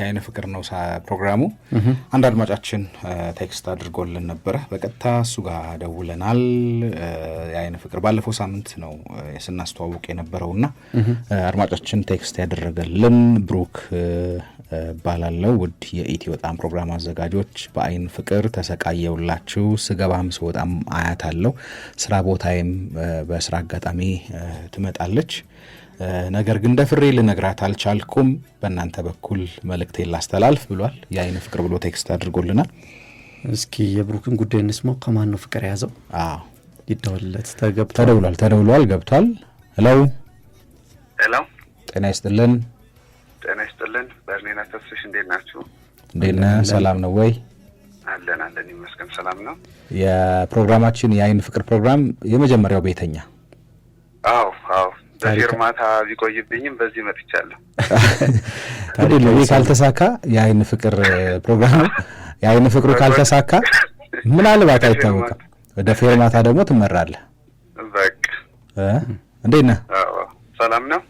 የአይን ፍቅር ነው ፕሮግራሙ። አንድ አድማጫችን ቴክስት አድርጎልን ነበረ። በቀጥታ እሱ ጋር ደውለናል። የአይን ፍቅር ባለፈው ሳምንት ነው ስናስተዋውቅ የነበረው እና አድማጫችን ቴክስት ያደረገልን ብሩክ ባላለው ውድ የኢትዮ ጣም ፕሮግራም አዘጋጆች በአይን ፍቅር ተሰቃየውላችሁ። ስገባም ስወጣም አያት አለው ስራ ቦታዬም በስራ አጋጣሚ ትመጣለች ነገር ግን ደፍሬ ልነግራት አልቻልኩም፣ በእናንተ በኩል መልእክቴ ላስተላልፍ ብሏል። የአይን ፍቅር ብሎ ቴክስት አድርጎልናል። እስኪ የብሩክን ጉዳይ እንስማው። ከማን ነው ፍቅር የያዘው? ተገብ ተደውሏል፣ ተደውሏል፣ ገብቷል። ለው ለው ጤና ይስጥልን፣ ጤና ይስጥልን። በርኔና ተስሽ እንዴት ናችሁ? እንዴት ነህ? ሰላም ነው ወይ? አለን አለን፣ ይመስገን ሰላም ነው። የፕሮግራማችን የአይን ፍቅር ፕሮግራም የመጀመሪያው ቤተኛ በፊርማታ ቢቆይብኝም በዚህ መጥቻለሁ። ታዲያ ካልተሳካ የአይን ፍቅር ፕሮግራም የአይን ፍቅሩ ካልተሳካ ምናልባት አይታወቅም፣ ወደ ፌርማታ ደግሞ ትመራለህ። እንዴት ነህ? ሰላም ነው።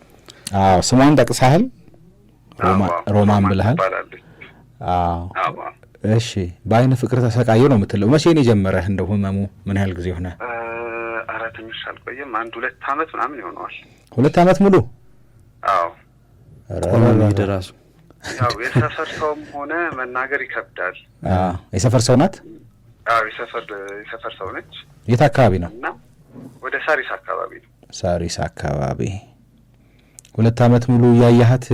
አዎ፣ ስሟን ጠቅሰሃል፣ ሮማን ብልሃል። እሺ፣ በአይን ፍቅር ተሰቃየ ነው የምትለው። መቼ ነው የጀመረህ? እንደ ህመሙ ምን ያህል ጊዜ ሆነ? ትንሽ አልቆየም። አንድ ሁለት አመት ምናምን ይሆነዋል። ሁለት አመት ሙሉ አዎ። ራሱ ያው የሰፈር ሰውም ሆነ መናገር ይከብዳል። የሰፈር ሰው ናት። የሰፈር ሰው ነች። የት አካባቢ ነው? እና ወደ ሳሪስ አካባቢ ነው። ሳሪስ አካባቢ ሁለት አመት ሙሉ እያያህት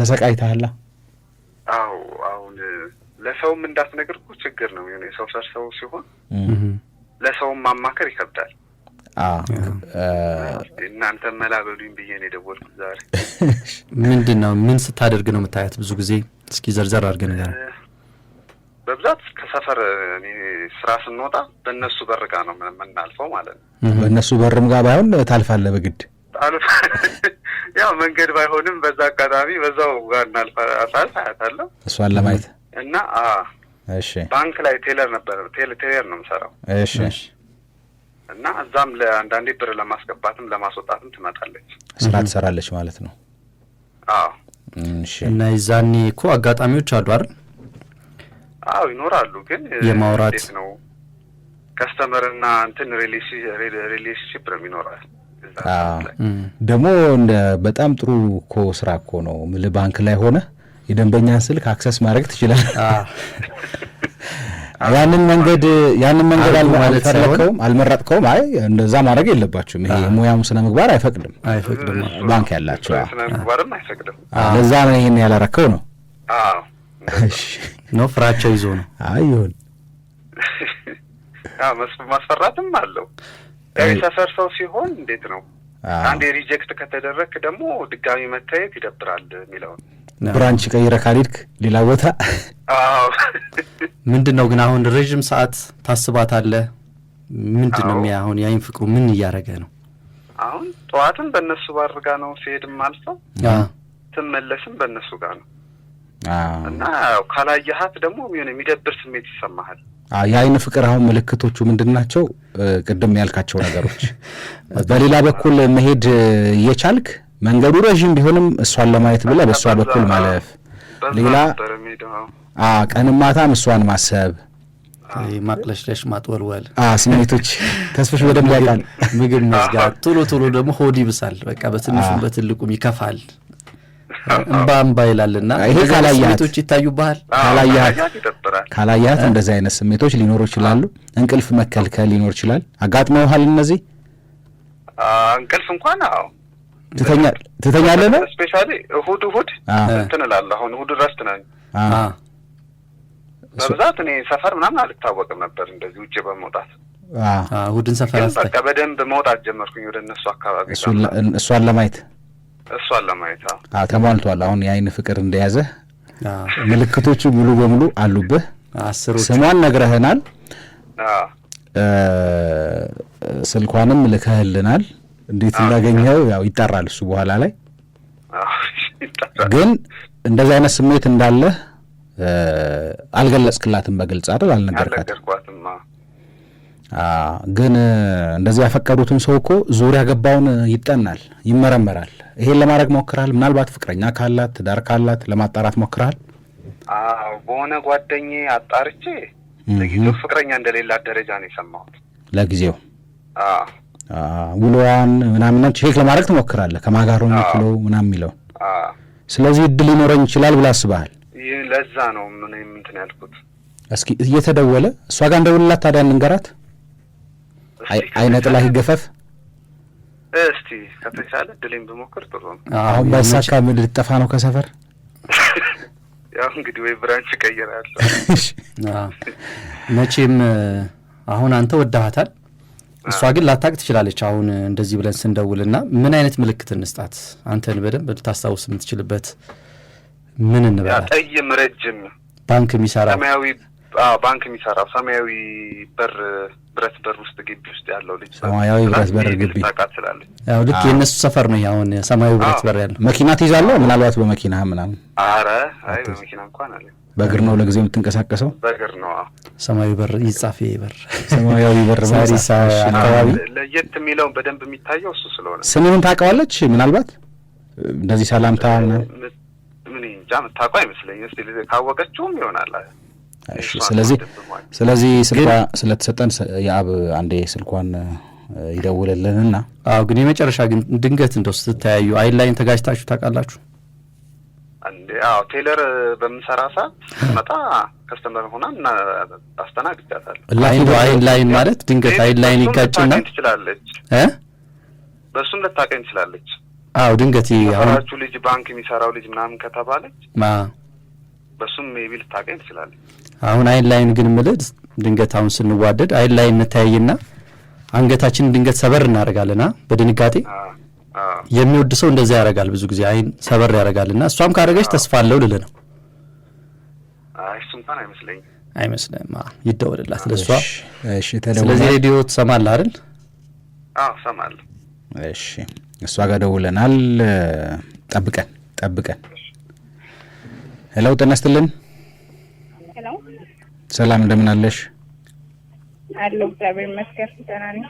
ተሰቃይተሃላ? አዎ አሁን ለሰውም እንዳትነግር ችግር ነው። የሰፈር ሰው ሲሆን ለሰውም ማማከር ይከብዳል። እናንተ መላ በሉኝ ብዬ ነው የደወልኩት ዛሬ። ምንድን ነው ምን ስታደርግ ነው የምታያት? ብዙ ጊዜ እስኪ ዘርዘር አድርገን ነገር በብዛት ከሰፈር ስራ ስንወጣ በእነሱ በር ጋ ነው የምናልፈው ማለት ነው። በእነሱ በርም ጋር ባይሆን ታልፋለህ በግድ ያው መንገድ ባይሆንም በዛ አጋጣሚ በዛው ጋር እናልፋታል አያታለሁ እሷን ለማየት እና ባንክ ላይ ቴለር ነበር ቴለር ነው የምሰራው። እሺ እና እዛም ለአንዳንዴ ብር ለማስገባትም ለማስወጣትም ትመጣለች፣ ስራ ትሰራለች ማለት ነው። እና የዛኔ እኮ አጋጣሚዎች አሉ አይደል? አዎ ይኖራሉ። ግን የማውራት ነው ከስተመርና እንትን ሪሌሽንሽፕ ነው የሚኖራል። ደግሞ በጣም ጥሩ ኮ ስራ ኮ ነው። ባንክ ላይ ሆነ የደንበኛን ስልክ አክሰስ ማድረግ ትችላል። ያንን መንገድ ያንን መንገድ አልፈለከውም አልመረጥከውም። አይ እንደዛ ማድረግ የለባችሁም ይሄ ሙያውን ስነ ምግባር አይፈቅድም፣ ባንክ ያላቸው ስነ ምግባርም አይፈቅድም። ለዛ ነው ይህን ያላረከው ነው ነው ፍራቸው ይዞ ነው አይሁን ማስፈራትም አለው። ያው የሰፈር ሰው ሲሆን እንዴት ነው አንድ የሪጀክት ከተደረግክ ደግሞ ድጋሚ መታየት ይደብራል የሚለውን ብራንች ቀይረህ ካልሄድክ ሌላ ቦታ ምንድን ነው ግን አሁን ረዥም ሰዓት ታስባታለህ። ምንድን ነው አሁን የአይን ፍቅሩ ምን እያደረገ ነው? አሁን ጠዋትም በእነሱ ባድርጋ ጋ ነው ሲሄድም አልፈው ትመለስም በእነሱ ጋር ነው እና ካላየሀት ደግሞ ሆነ የሚደብር ስሜት ይሰማሃል። የአይን ፍቅር አሁን ምልክቶቹ ምንድን ናቸው? ቅድም ያልካቸው ነገሮች በሌላ በኩል መሄድ እየቻልክ መንገዱ ረዥም ቢሆንም እሷን ለማየት ብለ በእሷ በኩል ማለፍ፣ ሌላ ቀንም ማታም እሷን ማሰብ፣ ማቅለሽለሽ፣ ማጥወልወል ስሜቶች ተስፎች በደንብ ያውቃል። ምግብ መዝጋት፣ ቶሎ ቶሎ ደግሞ ሆድ ይብሳል። በቃ በትንሹም በትልቁም ይከፋል። እምባ እምባ ይላልና ይሄ ስሜቶች ይታዩብሃል። ካላያት እንደዚህ አይነት ስሜቶች ሊኖሩ ይችላሉ። እንቅልፍ መከልከል ሊኖር ይችላል። አጋጥመውሃል እነዚህ እንቅልፍ እንኳን አዎ ትተኛለህ ነው ስፔሻሊ እሁድ እሁድ እንትን እላለሁ። አሁን እሁድ ረስት ነኝ በብዛት እኔ ሰፈር ምናምን አልታወቅም ነበር እንደዚህ ውጭ በመውጣት እሁድን ሰፈር በቃ በደንብ መውጣት ጀመርኩኝ ወደ እነሱ አካባቢ እሷን ለማየት እሷን ለማየት ተሟልቷል። አሁን የአይን ፍቅር እንደያዘ ምልክቶቹ ሙሉ በሙሉ አሉብህ። ስሟን ነግረህናል፣ ስልኳንም ልከህልናል። እንዴት እንዳገኘው ያው ይጠራል እሱ በኋላ ላይ ግን እንደዚህ አይነት ስሜት እንዳለህ አልገለጽክላትም። በግልጽ አይደል? አልነገርካት ግን እንደዚህ ያፈቀዱትን ሰው እኮ ዙሪያ ገባውን ይጠናል፣ ይመረመራል። ይሄን ለማድረግ ሞክራል ምናልባት ፍቅረኛ ካላት ትዳር ካላት ለማጣራት ሞክራል። በሆነ ጓደኝ አጣርቼ ለጊዜው ፍቅረኛ እንደሌላት ደረጃ ነው የሰማሁት ለጊዜው ውሎዋን ምናምን ቼክ ለማድረግ ትሞክራለህ ከማጋሮ የሚችለው ምናም የሚለው ስለዚህ እድል ሊኖረኝ ይችላል ብላ አስበሃል። ለዛ ነው ምን ምንትን ያልኩት። እስኪ እየተደወለ እሷ ጋር እንደውልላት ታዲያ እንንገራት፣ ላይ ይገፈፍ እስቲ ከተቻለ እድሌን ብሞክር ጥሩ ነው። አሁን ባይሳካ ምድ ልጠፋ ነው ከሰፈር ያው እንግዲህ ወይ ብራንች ቀይራለሁ መቼም አሁን አንተ ወዳሃታል እሷ ግን ላታቅ ትችላለች። አሁን እንደዚህ ብለን ስንደውልና ምን አይነት ምልክት እንስጣት? አንተን በደንብ ልታስታውስ የምትችልበት ምን እንበላል? ጠይም፣ ረጅም ባንክ የሚሰራ ሰማያዊ ባንክ የሚሰራው ሰማያዊ በር ብረት በር ውስጥ ግቢ ውስጥ ያለው ልጅ ሰማያዊ ብረት በር ግቢ ያው ልክ የእነሱ ሰፈር ነው። አሁን ሰማያዊ ብረት በር ያለው መኪና ትይዛለህ? ምናልባት በመኪና ምናምን? አረ አይ በመኪና እንኳን አለ። በእግር ነው ለጊዜው የምትንቀሳቀሰው? በእግር ነው። ሰማያዊ በር ይጻፍ በር ሰማያዊ በር ሳሪስ አካባቢ ለየት የሚለውን በደንብ የሚታየው እሱ ስለሆነ ስምህን ታውቀዋለች ምናልባት እንደዚህ ሰላምታ ምን እንጃ የምታውቀው አይመስለኝ። እስኪ ካወቀችውም ይሆናል ስለዚህ ስለዚህ ስልኳ ስለተሰጠን የአብ አንዴ ስልኳን ይደውልልንና አዎ። ግን የመጨረሻ ግን ድንገት እንደው ስትተያዩ አይን ላይን ተጋጅታችሁ ታውቃላችሁ? አዎ ቴለር በምንሰራ ሰዓት መጣ ከስተመር ሆና ታስተናግዳታለሁ። ላይን አይን ላይን ማለት ድንገት አይን ላይን ይጋጭና ትችላለች፣ በእሱም ልታቀኝ ትችላለች። አዎ ድንገት ራችሁ ልጅ ባንክ የሚሰራው ልጅ ምናምን ከተባለች በሱም ቢ ልታቀኝ ትችላለች። አሁን አይን ላይን ግን ምልድ ድንገት አሁን ስንዋደድ አይን ላይን እንተያይና አንገታችን ድንገት ሰበር እናደርጋልና በድንጋጤ የሚወድ ሰው እንደዚያ ያደርጋል። ብዙ ጊዜ አይን ሰበር ያደርጋልና እሷም ካደረገች ተስፋ አለው ልል ነው። እሱ እንኳን አይመስለኝም አይመስለኝም። ይደወልላት ለእሷ። ስለዚህ ሬዲዮ ትሰማለህ አይደል? እሰማለሁ። እሺ፣ እሷ ጋር ደውለናል። ጠብቀን ጠብቀን። ሄሎ ጤና ይስጥልን። ሄሎ፣ ሰላም እንደምን አለሽ? አለሁ እግዚአብሔር ይመስገን ደህና ነኝ።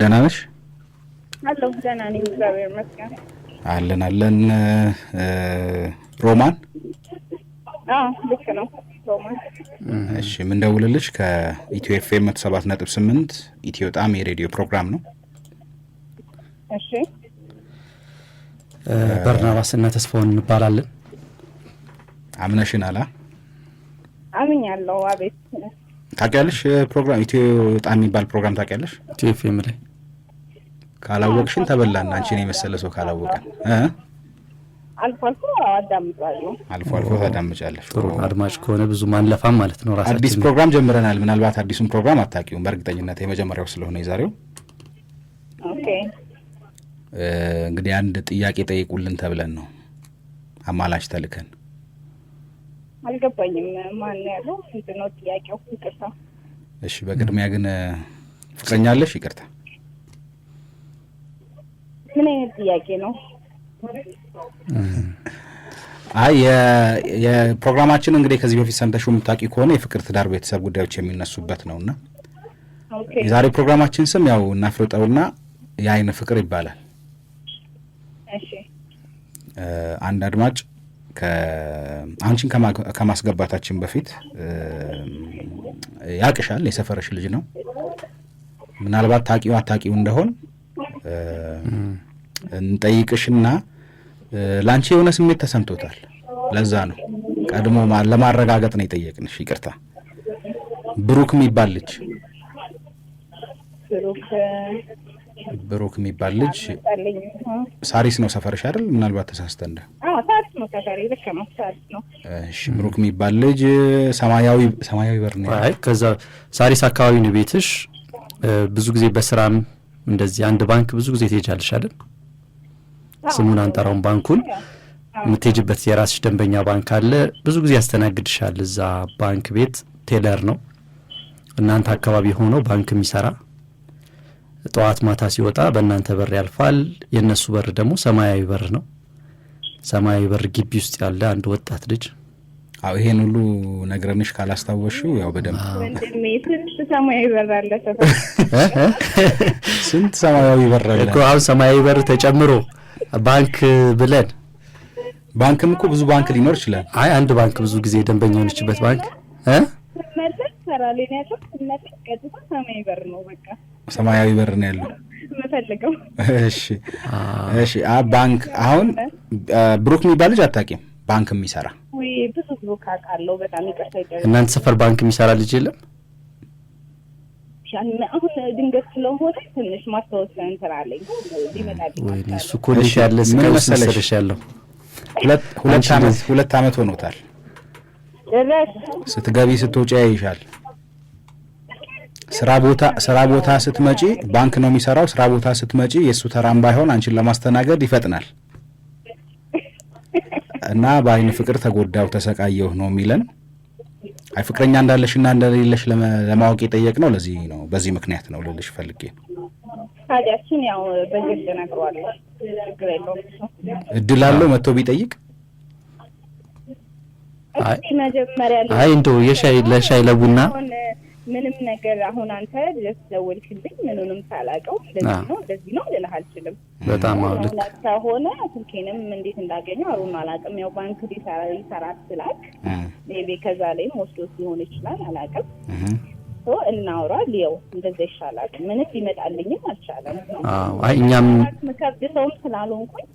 ደህና ነሽ? አለሁ ደህና ነኝ እግዚአብሔር ይመስገን። አለን አለን። ሮማን አዎ ልክ ነው ሮማን። እሺ የምንደውልልሽ ከኢትዮ ኤፍ ኤም መቶ ሰባት ነጥብ ስምንት ኢትዮ ጣም የሬዲዮ ፕሮግራም ነው። እሺ በርናባስ እና ተስፋውን እንባላለን። አምነሽን አላ አምኛለሁ። አቤት ታውቂያለሽ፣ ፕሮግራም ኢትዮ ጣም የሚባል ፕሮግራም ታውቂያለሽ? ቲፍም ላይ ካላወቅሽን ተበላና አንቺን የመሰለ ሰው ካላወቀን አልፎ አልፎ አልፎ አልፎ ታዳምጫለሽ። ጥሩ አድማጭ ከሆነ ብዙ ማንለፋም ማለት ነው። ራሳችን አዲስ ፕሮግራም ጀምረናል። ምናልባት አዲሱን ፕሮግራም አታውቂውም በእርግጠኝነት የመጀመሪያው ስለሆነ የዛሬው እንግዲህ አንድ ጥያቄ ጠይቁልን ተብለን ነው አማላች ተልከን አልገባኝም። ማን ያለው እንትን ነው ጥያቄው? ይቅርታ። እሺ፣ በቅድሚያ ግን ፍቅረኛ አለሽ? ይቅርታ፣ ምን አይነት ጥያቄ ነው? አይ የፕሮግራማችን እንግዲህ ከዚህ በፊት ሰምተሽው የምታውቂ ከሆነ የፍቅር ትዳር፣ ቤተሰብ ጉዳዮች የሚነሱበት እና የዛሬ ፕሮግራማችን ስም ያው እናፍርጠውና የአይን ፍቅር ይባላል። አንድ አድማጭ አንቺን ከማስገባታችን በፊት ያቅሻል። የሰፈረሽ ልጅ ነው። ምናልባት ታቂው አታቂው እንደሆን እንጠይቅሽና ለአንቺ የሆነ ስሜት ተሰምቶታል። ለዛ ነው ቀድሞ ለማረጋገጥ ነው የጠየቅንሽ። ይቅርታ። ብሩክ የሚባል ልጅ ብሩክ የሚባል ልጅ ሳሪስ ነው ሰፈርሽ አይደል? ምናልባት ተሳስተ እንደ ሳሪስ ነው ልክ ነው ሳሪስ ነው። እሺ ብሩክ የሚባል ልጅ ሰማያዊ ሰማያዊ በር ነው። ከዛ ሳሪስ አካባቢ ነው ቤትሽ። ብዙ ጊዜ በስራም እንደዚህ አንድ ባንክ ብዙ ጊዜ ትሄጃለሽ አይደል? ስሙን አንጠራውን ባንኩን የምትሄጅበት የራስሽ ደንበኛ ባንክ አለ። ብዙ ጊዜ ያስተናግድሻል። እዛ ባንክ ቤት ቴለር ነው እናንተ አካባቢ ሆኖ ባንክ የሚሰራ ጠዋት ማታ ሲወጣ በእናንተ በር ያልፋል። የእነሱ በር ደግሞ ሰማያዊ በር ነው። ሰማያዊ በር ግቢ ውስጥ ያለ አንድ ወጣት ልጅ አዎ፣ ይሄን ሁሉ ነግረንሽ ካላስታወሽው ያው በደንብ ስንት ሰማያዊ በር አለ እኮ አሁን ሰማያዊ በር ተጨምሮ ባንክ ብለን ባንክም እኮ ብዙ ባንክ ሊኖር ይችላል። አይ አንድ ባንክ ብዙ ጊዜ ደንበኛ የሆነችበት ባንክ በቃ ሰማያዊ በር ነው ያለው እሺ እሺ። ባንክ አሁን ብሩክ የሚባል ልጅ አታውቂም? ባንክ የሚሰራ ብዙ ብሩክ አውቃለሁ። በጣም ይቅርታ እናንተ ሰፈር ባንክ የሚሰራ ልጅ የለም? አሁን ድንገት ስለሆነ ትንሽ ማስታወስ አለኝ። እሱ ኮሌጅ ያለ ያለው ሁለት ዓመት ሆኖታል። ስትገቢ ስትወጪ ያይሻል። ስራ ቦታ ስትመጪ ባንክ ነው የሚሰራው። ስራ ቦታ ስትመጪ የእሱ ተራም ባይሆን አንቺን ለማስተናገድ ይፈጥናል እና በአይን ፍቅር ተጎዳው ተሰቃየሁ ነው የሚለን። አይ ፍቅረኛ እንዳለሽ እና እንደሌለሽ ለማወቅ የጠየቅ ነው። ለዚህ ነው በዚህ ምክንያት ነው ልልሽ ፈልጌ። ታዲያችን ያው በግልጽ እድል አለው መጥቶ ቢጠይቅ አይ እንደው የሻይ ለሻይ ለቡና ምንም ነገር አሁን አንተ ድረስ ደወልክልኝ ምንንም ሳላውቀው እንደዚህ ነው እንደዚህ ነው ልልህ አልችልም። በጣም አሁላት ከሆነ ስልኬንም እንዴት እንዳገኘ አሩን አላቅም። ያው ባንክ ሊሰራ ይሰራ ስላክ ቤ ከዛ ላይም ወስዶት ሊሆን ይችላል አላቅም። እናውራ ሊየው እንደዚ ይሻላል። ምንም ሊመጣልኝም አልቻለም። አይ እኛም ምከብድ ሰውም ስላልሆንኩኝ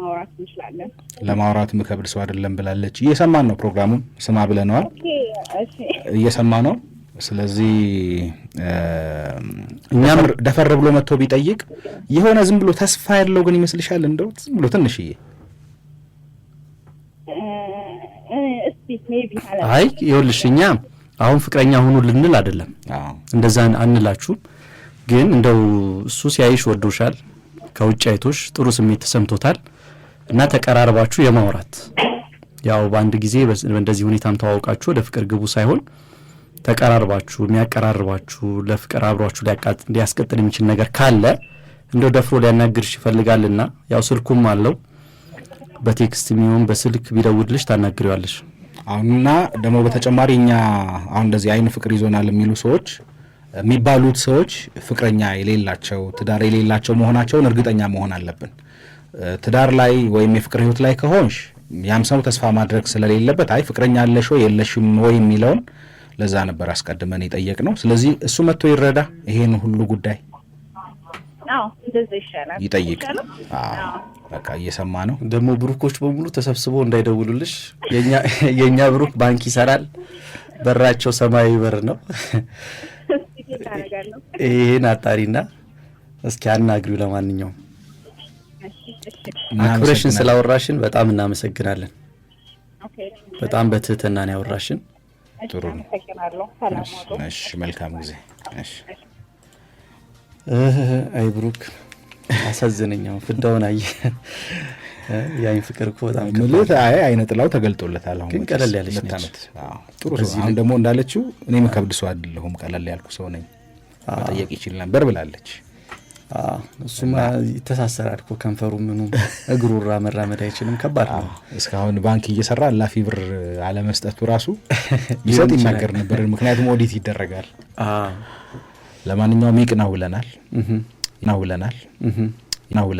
ማውራት እንችላለን። ለማውራት ምከብድ ሰው አይደለም ብላለች። እየሰማን ነው፣ ፕሮግራሙን ስማ ብለነዋል፣ እየሰማ ነው። ስለዚህ እኛም ደፈር ብሎ መጥቶ ቢጠይቅ የሆነ ዝም ብሎ ተስፋ ያለው ግን ይመስልሻል? እንደው ዝም ብሎ ትንሽዬ አይ ይኸውልሽ እኛ አሁን ፍቅረኛ ሁኑ ልንል አይደለም፣ እንደዛ አንላችሁም። ግን እንደው እሱ ሲያይሽ ወዶሻል ከውጭ አይቶሽ ጥሩ ስሜት ተሰምቶታል እና ተቀራርባችሁ የማውራት ያው በአንድ ጊዜ በእንደዚህ ሁኔታም ተዋውቃችሁ ወደ ፍቅር ግቡ ሳይሆን ተቀራርባችሁ የሚያቀራርባችሁ ለፍቅር አብሯችሁ ሊያስቀጥል የሚችል ነገር ካለ እንደው ደፍሮ ሊያናግርሽ ይፈልጋልና ያው ስልኩም አለው በቴክስት የሚሆን በስልክ ቢደውልሽ ታናግሪዋለሽ። አሁንና ደግሞ በተጨማሪ እኛ አሁን እንደዚህ አይን ፍቅር ይዞናል የሚሉ ሰዎች የሚባሉት ሰዎች ፍቅረኛ የሌላቸው ትዳር የሌላቸው መሆናቸውን እርግጠኛ መሆን አለብን። ትዳር ላይ ወይም የፍቅር ህይወት ላይ ከሆንሽ ያም ሰው ተስፋ ማድረግ ስለሌለበት አይ ፍቅረኛ አለሽ ወይ የለሽም ወይ የሚለውን ለዛ ነበር አስቀድመን የጠየቅ ነው። ስለዚህ እሱ መጥቶ ይረዳ ይሄን ሁሉ ጉዳይ ይጠይቅ። በቃ እየሰማ ነው። ደግሞ ብሩኮች በሙሉ ተሰብስቦ እንዳይደውሉልሽ። የእኛ ብሩክ ባንክ ይሰራል፣ በራቸው ሰማያዊ በር ነው። ይህን አጣሪና እስኪ አናግሪው። ለማንኛውም አክብረሽን ስላወራሽን በጣም እናመሰግናለን። በጣም በትህትና ነው ያወራሽን። ጥሩ ነው። መልካም ጊዜ። እሺ። አይ ብሩክ አሳዝነኛው ፍዳውን አየ። ያኝ ፍቅር እኮ በጣም ምልት አይነ ጥላው ተገልጦለታል። አሁን ግን ቀለል ያለች ነች። ጥሩ ሰው አሁን ደግሞ እንዳለችው እኔ መከብድ ሰው አይደለሁም ቀለል ያልኩ ሰው ነኝ መጠየቅ ይችል ነበር ብላለች። እሱማ ይተሳሰራል እኮ ከንፈሩ ምኑ እግሩ ራ መራመድ አይችልም። ከባድ ነው። እስካሁን ባንክ እየሰራ ላፊ ብር አለመስጠቱ ራሱ ይሰጥ ይናገር ነበር። ምክንያቱም ኦዲት ይደረጋል። ለማንኛውም ብለናል፣ ይቅናውለናል ናውለናል ናውለናል